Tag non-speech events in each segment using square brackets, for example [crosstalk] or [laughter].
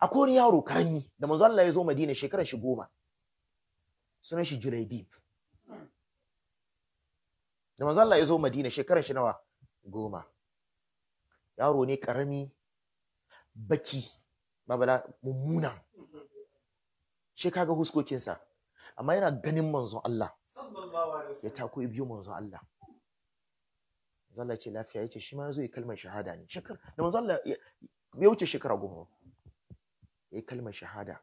akwai wani yaro karami da manzo Allah ya zo Madina shekaran shi goma sunan shi Julaibib da manzo Allah ya zo Madina shekaran shi nawa goma yaro ne karami baki babala mummuna she kaga sa amma yana ganin manzo Allah ya tako biyo manzo Allah manzon Allah ya ce lafiya ya ce shi ma zo yi kalmar shahada ne shekar da manzo Allah ya wuce shekara goma ya kalmar shahada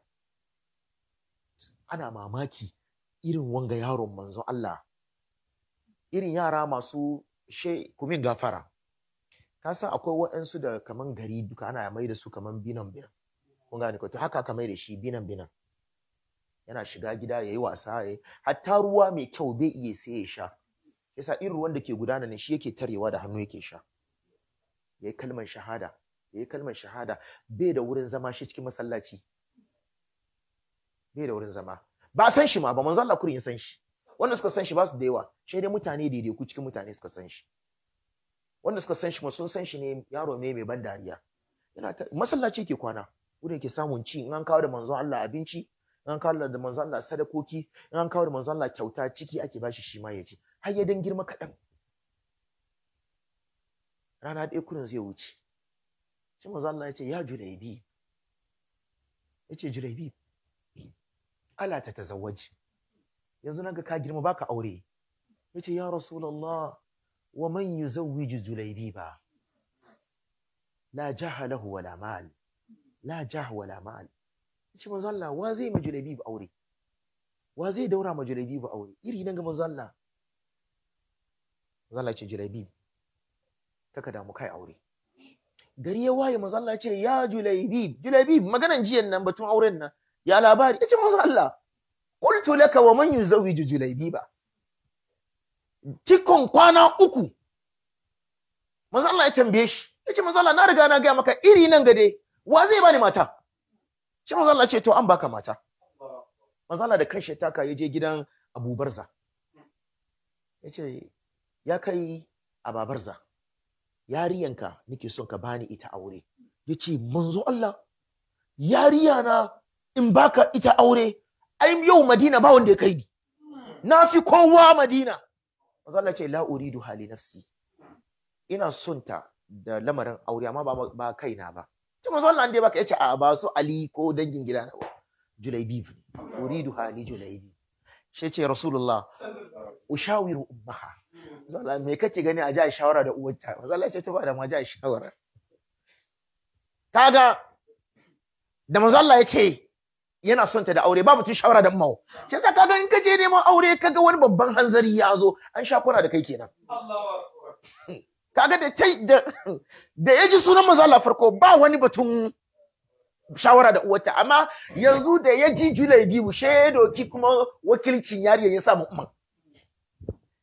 ana mamaki irin wanga yaron manzon Allah irin yara masu she kumin gafara ka san akwai waɗansu da kaman gari duka ana mai da su kaman binan binan kun gane to haka ka mai da shi binan binan yana shiga gida ya yi wasa ya hatta ruwa mai kyau bai iya sai ya sha yasa irin ruwan da ke gudana ne shi yake tarewa da hannu yake sha ya kalmar shahada ya yi kalmar shahada bai da wurin zama shi cikin masallaci bai da wurin zama ba san shi ma ba manzo Allah kurin san shi wanda suka san shi ba su da yawa sai dai mutane daidai ku cikin mutane suka san shi wanda suka san shi ma sun san shi ne yaro ne mai ban dariya yana masallaci yake kwana wurin yake samun ci in an kawo da manzo Allah abinci in an kawo da manzo Allah sadakoki in an kawo da manzo Allah kyauta ciki ake bashi shi ma ya har ya dan girma kaɗan rana ɗaya kurin zai wuce sai manzo Allah ya ce ya julaibi? ya ce julaibi? ala ta tazawwaji yanzu naga ka girma baka aure ya ce ya rasulallah wa man yuzawwiju julaibi ba la jaha lahu wala mal la jaha wala mal ya ce manzo Allah wa zai ma julaibi ba aure wa zai daura ma julaibi ba aure iri nan ga manzo Allah manzo Allah ya ce julaibi kaka damu kai aure gari ya waye manzo Allah ya ce ya julaibib julaibib maganan jiyan nan batun auren nan ya labari yace manzo Allah qultu laka wa man yuzawwiju julaibiba cikon kwana uku manzo Allah ya tambaye shi yace manzo Allah na riga na ga maka iri nan gade wa zai bani mata shi manzo Allah ce to an baka mata manzo Allah da kanshi taka je gidan Abu Barza yace ya kai Ababarza yariyanka nake son ka bani ita aure yace manzo Allah yariya na in baka ita aure ai yau Madina ba wanda ya kai ni na fi kowa Madina manzo Allah ce la uridu hali nafsi ina son ta da lamarin aure amma ba ba na ba yace manzo Allah dai baka yace a ba su Ali ko dangin gidana ba Julaibib uridu hali Julaibib shi ce rasulullah ushawiru ummaha zala me kake gani a ji shawara da uwarta zala ce ta bada ma ji shawara kaga da manzo Allah ya ce yana son ta da aure ba mutum shawara da mawo shi sa kaga in kaje neman aure kaga wani babban hanzari ya zo an sha kura da kai kenan kaga da da da ya ji sunan manzo Allah farko ba wani batun shawara da uwata. amma mm-hmm. yanzu da ya ji julai biyu she doki kuma wakilcin yariya ya samu umman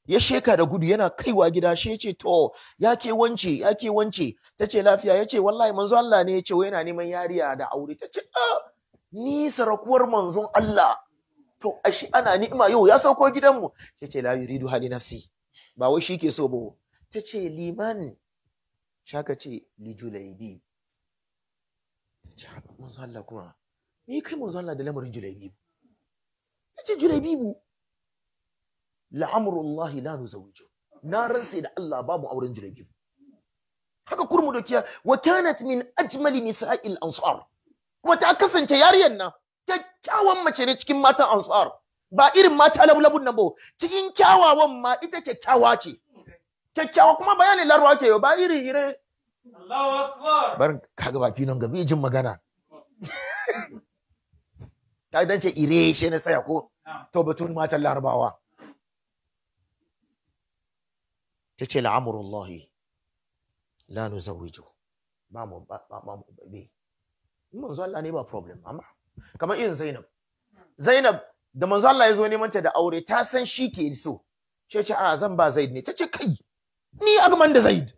ya sheka da gudu yana kaiwa gida she ce to ya ke wance ya wance ta ce lafiya ya ce wallahi manzo Allah ne ya ce wai yana neman yariya da aure ta ce ni sarakuwar manzon Allah to ashi ana ni'ima yau ya sauko gidanmu ta ce la yuridu hali nafsi ba wai shi ke so ba ta ce liman shaka ce li julaibi ce haɓa manzo Allah kuma me kai manzo Allah da lamarin julaibibu ya ce julaibibu la'amurullahi la nuzawiju na ransa da Allah babu auren julaibibu haka kurmu dokiya wa kanat min ajmali nisa'il ansar kuma ta kasance yariyar nan kyakkyawan mace ne cikin matan ansar ba irin mata labulabun nan ba cikin kyawawan ma ita kyakkyawa ce kyakkyawa kuma bayani larwa ke ba irin ire barin kaga baki nan gabi jin magana [laughs] ta dan ce ire shi na tsaya ko to batun matan larabawa ta ce la'amurullahi la nuzawiju ba mu ba mu be manzo Allah ne ba problem amma kamar irin Zainab Zainab da manzo Allah ya zo neman ta da aure ta san shi ke so ce ce ah, a zan ba Zaid ne ta ce kai ni agman da Zaid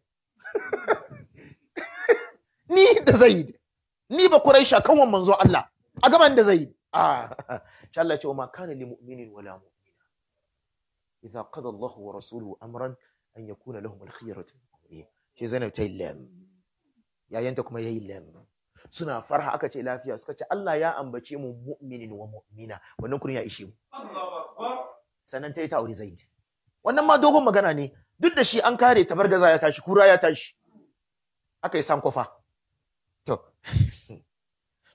ni da zaid ni ba quraisha kanwan manzo Allah a gaban da zaid ah [laughs] insha Allah ce ma kana li mu'minin wala mu'mina idza qada Allah wa rasuluhu amran an yakuna lahum al khiyaratu ke zainab ta yi ya yayanta kuma yayi lam suna farha aka ce lafiya suka ce Allah ya ambace mu mu'minin wa mu'mina wannan kun ya ishe mu sannan ta yi ta zaid wannan ma dogon magana ne duk da shi an kare tabargaza ya tashi kura ya tashi aka yi sankofa to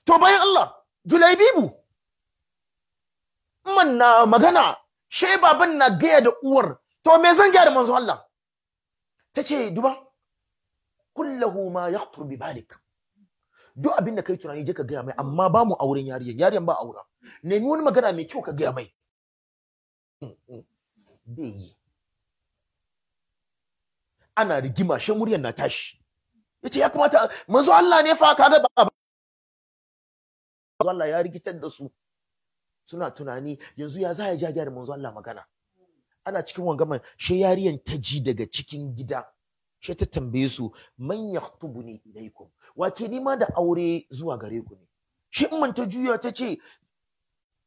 to bayan Allah julaibibu man na magana she baban na gaya da uwar to me zan gaya da manzo Allah tace duba kullahu ma yaqtur bi balik duk abin da kai tunani je ka gaya mai amma ba mu auren yariyan yariyan ba aura nemi wani magana mai kyau ka gaya mai bai yi ana rigima shan muryan na tashi yace ya kamata manzo Allah ne fa kaga ba manzo Allah ya rikitar da su suna tunani yanzu ya za ya jagiya da manzo Allah magana ana cikin wangaman she yariyan ta ji daga cikin gida she ta tambaye su man yaktubuni ilaikum wa ke nima da aure zuwa gare ku ne shi in ta juya ta ce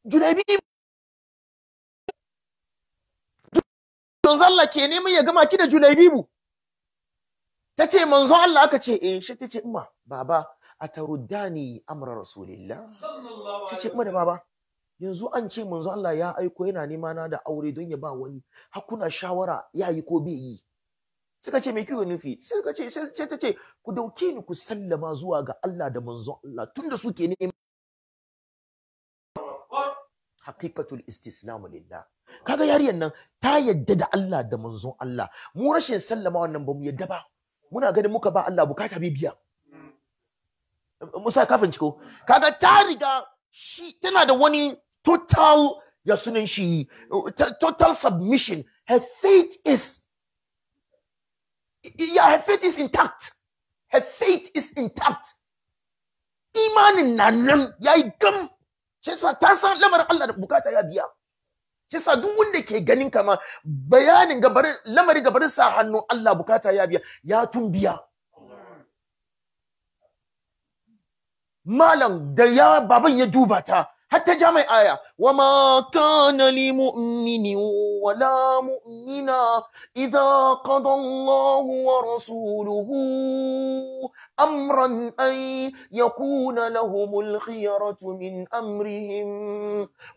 junabi manzo Allah ke neman ya gama ki da junaibibu ta ce manzo Allah aka ce eh shi ta ce umma baba a taruddani amra rasulillah ta ce umma da baba yanzu an ce manzo Allah ya aiko yana nema na da aure don ya ba wani hakuna shawara ya yi ko bai yi suka ce me kiwo nufi suka ce sai ta ce ku dauke ni ku sallama zuwa ga Allah da manzo Allah tunda suke nema haqiqatul istislam lillah kaga yariyan nan ta yadda da Allah da manzon Allah mu rashin sallama wannan bamu yadda ba muna ganin muka ba Allah bukata bibiya. musa kafin ciko kaga ta riga shi tana da wani total ya sunan shi total submission her faith is yeah her faith is intact her faith is intact imanin na nan yayi gam sai ta san lamarin Allah da bukata ya biya kisa duk wanda ke ganin kama bayanin gabarin lamari gabarin sa hannu Allah bukata ya biya ya tumbiya malam da ya baban ya duba ta hatta ja mai wa ma kana li mu'mini wa la mu'mina idza qada Allahu wa rasuluhu amran ay yakuna lahumul khiyaratu min amrihim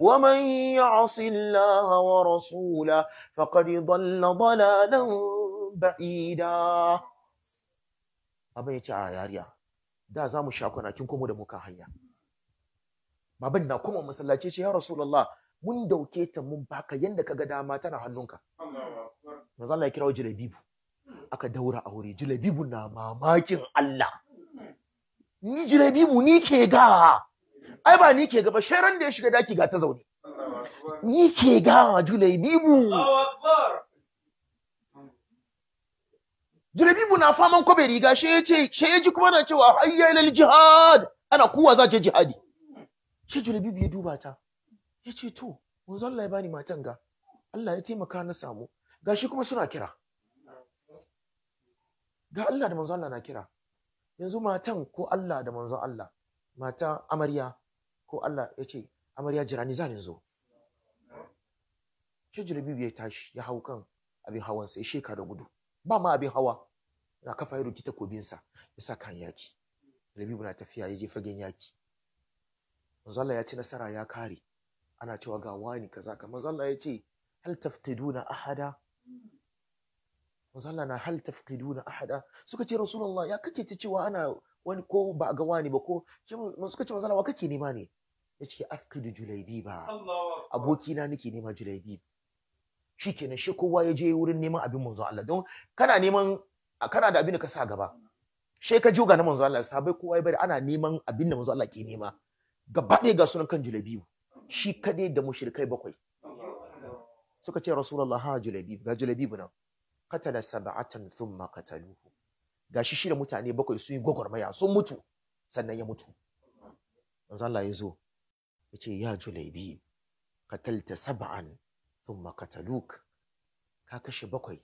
wa man ya'si Allah wa rasulahu faqad nan dhalalan ba'ida abai ya ce a yariya da za mu sha kwanakin komo da muka hanya baban na kuma masallaci ce ya rasulullah mun dauke ta mun baka yanda kaga dama tana hannunka manzo Allah ya kirawo jalabibu aka daura aure jalabibu na mamakin Allah ni jalabibu ni ke ga ai ba ni ke ga ba sharan da ya shiga daki ga ta zaune ni ke ga jalabibu Jalabibu na faman kwabe riga shi ya ce, ji kuma na cewa hayyalal jihad ana kuwa za je jihadi. shi julabibu ya duba ta ya ce to wanzu Allah ya bani matan ga Allah ya taimaka na samu gashi kuma suna kira ga Allah da manzo Allah na kira yanzu matan ko Allah da manzo Allah mata amarya ko Allah ya ce amarya jira ni zan zo shi julabibu ya tashi ya hau kan abin hawan sai sheka da gudu ba ma abin hawa na kafa ya ko takobinsa ya sa kan yaki Rabibu na tafiya ya je fagen yaki manzo ya ci nasara ya kare ana cewa ga wani kaza ka manzo ya ce hal tafqiduna ahada manzo na hal tafqiduna ahada suka ce rasulullah ya kake ta cewa ana wani ko ba ga wani ba ko suka ce manzo wa kake nema ne yace afqidu julaibi ba aboki na nake nema julaibi shikenan shi kowa ya je wurin neman abin manzo Allah don kana neman kana da abin da ka sa gaba she ka na manzo Allah sabai kowa ya bari ana neman abin da manzo Allah ke nema gaba ɗaya ga sunan kan julabibu shi kaɗai da mushrikai bakwai suka ce rasulullah ha julabi ga julabibu nan katala sab'atan thumma qataluhu gashi shi da mutane bakwai sun yi gwagwarmaya sun mutu sannan ya mutu manzo Allah ya zo ya ce ya julabi katalta sab'an thumma qataluk ka kashe bakwai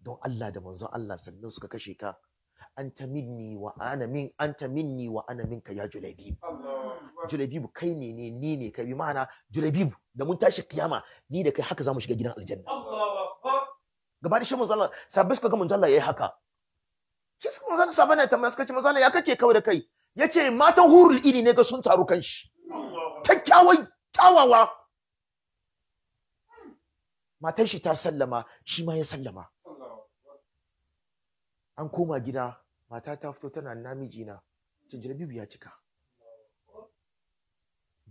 don Allah da manzon Allah sannan suka kashe ka anta minni wa ana min anta minni wa ana minka ya julabi Allah Julebibu kai ne ne ni ne kai bi ma'ana Julebibu da mun tashi kiyama ni da kai haka zamu shiga gidan aljanna gaba da shi manzo Allah sabbi suka ga manzo Allah yayi haka shi suka manzo Allah sabana ta suka shi manzo Allah ya kake kawai da kai yace matan hurul iri ne ga sun taru kan shi kyakkyawai kyawawa matan shi ta sallama shi ma ya sallama an koma gida mata ta fito tana namiji na ce jirabibu ya cika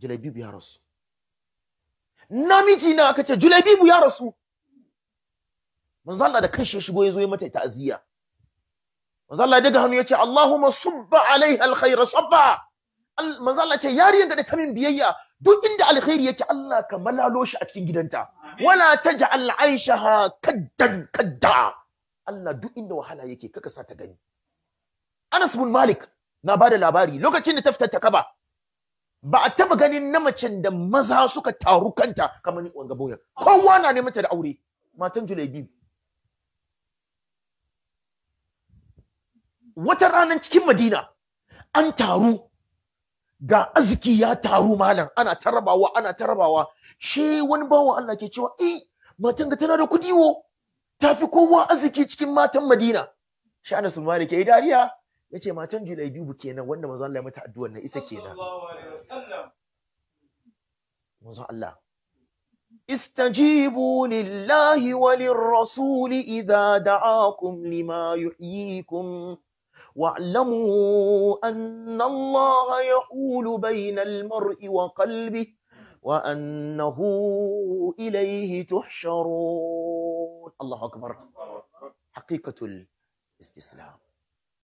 julabibu ya rasu namiji na aka ce julabibu ya rasu manzala da kanshi ya shigo ya zo ya mata ta'aziyya manzala Allah ya daga hannu ya ce Allahumma subba alaiha alkhaira sabba manzala ce yariyar ga ta min biyayya duk inda alkhairi yake Allah ka malalo shi a cikin gidanta wala taj'al aishaha kaddan kadda Allah duk inda wahala yake kaka sa ta gani Anas bin Malik na bada labari lokacin da ta fita ta kaba ba a taba ganin na macen da maza suka taru kanta kamar wanga boyar kowa na neman ta da aure matan julai biyu wata ranar cikin madina an taru ga arziki ya taru malam ana tarabawa ana tarabawa shi wani bawan Allah ke cewa eh matan ga tana da kudi wo tafi kowa arziki cikin matan madina shi Malik ya yi dariya Yace matan julai bibu kenan wanda manzon Allah ya mata addu'ar ita kenan manzon Allah istajibu lillahi walir rasuli idza da'akum lima yuhyikum wa'lamu anna Allah yahulu bainal mar'i wa qalbi wa annahu ilaihi tuhsharun Allahu akbar haqiqatul istislam